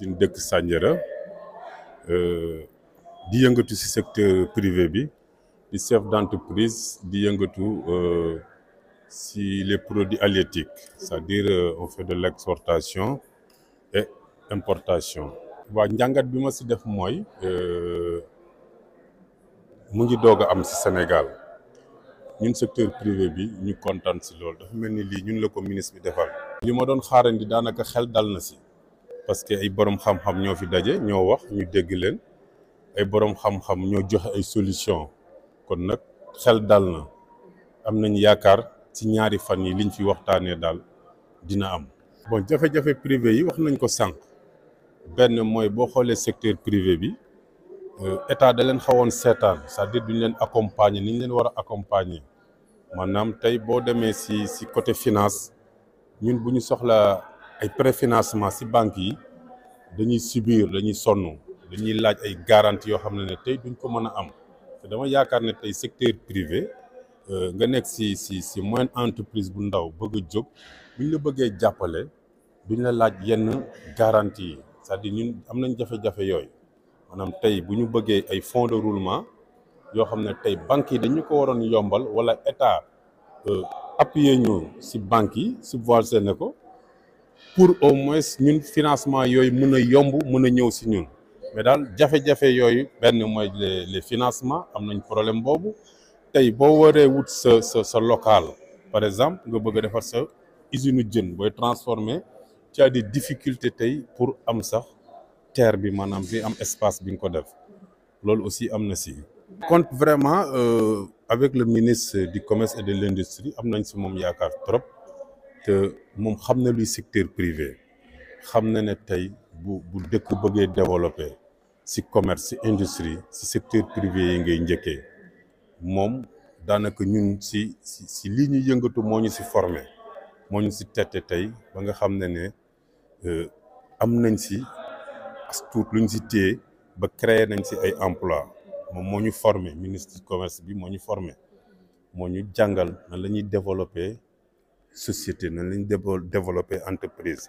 suñ dëkk Sandiara euh, di yëngatu ci secteur privé bi di chef d'entreprise di yëngatu euh, ci les produits halieutiques c'est-à-dire euh, on fait de l'exportation et importation waaw njàngat bi ma ci def mooy mu ngi doog am ci Sénégal ñun secteur privé bi ñu kontaan ci loolu dafa mel li, lii ñun la ko ministre bi defal li ma doon xaarandi daanaka xel dal na ci parce que ay borom xam-xam ñoo fi dajé ñoo wax ñu dégg leen ay borom xam-xam ñoo joxe ay solution kon nag xel dal na am nañ yaakaar ci ñaari fan yi liñ fi waxtaanee daal dina am. bon jafe-jafe privé yi wax nañ ko sànq benn mooy boo xoolee secteur privé bi euh, état da leen xawoon seetaan c'est-à-dire duñ leen accompagner ni ñu leen war a accompagner maanaam tey boo demee si si côté finance ñun bu ñu soxlaa. ay préfinancement si banque yi dañuy subir dañuy sonn dañuy laaj ay garantie yoo xam ne ne tey duñ ko mën a am te dama yaakaar ne tey secteur privé euh, nga nekk si si ci moyenne entreprise bu ndaw bëgg jóg buñ la bëggee jàppale duñ la laaj yenn garantie yi cest à ñun am nañ jafe-jafe yooyu maanaam tey bu ñu bëggee ay fonds de roulement yoo xam ne tey banques yi dañu ko waroon yombal wala état euh, appuyer ñu si banque yi subventionné ko pour au moins ñun financement yoy mëna a yomb mën ñëw ci ñun mais dal jafé jafé yoy benn moy les les financements am nañ problème bobu tay bo wéré wut sa sa local par exemple nga bëgg a defar sa usine jën boy transformer ci a des difficultés tay pour am sax terre bi manam bi am espace bi nga ko def lool aussi am ci compte vraiment euh, avec le ministre du commerce et de l'industrie, amnañ ci mom yaakar trop. te moom xam na luy secteur privé xam na ne tey bu bu dëkk bëggee développé ci commerce ci industrie ci secteur privé yi ngay njëkkee moom daanaka ñun si si ci lii ñu yëngatu moo ñu si formé moo ñu ci tette tey ba nga xam ne ne euh, am nañ ci as tuut luñ si téye ba créer nañ si ay emploi moom moo ñu formé ministre commerce bi moo ñu formé moo ñu jàngal nan la ñuy développé société nan lañ développé entreprise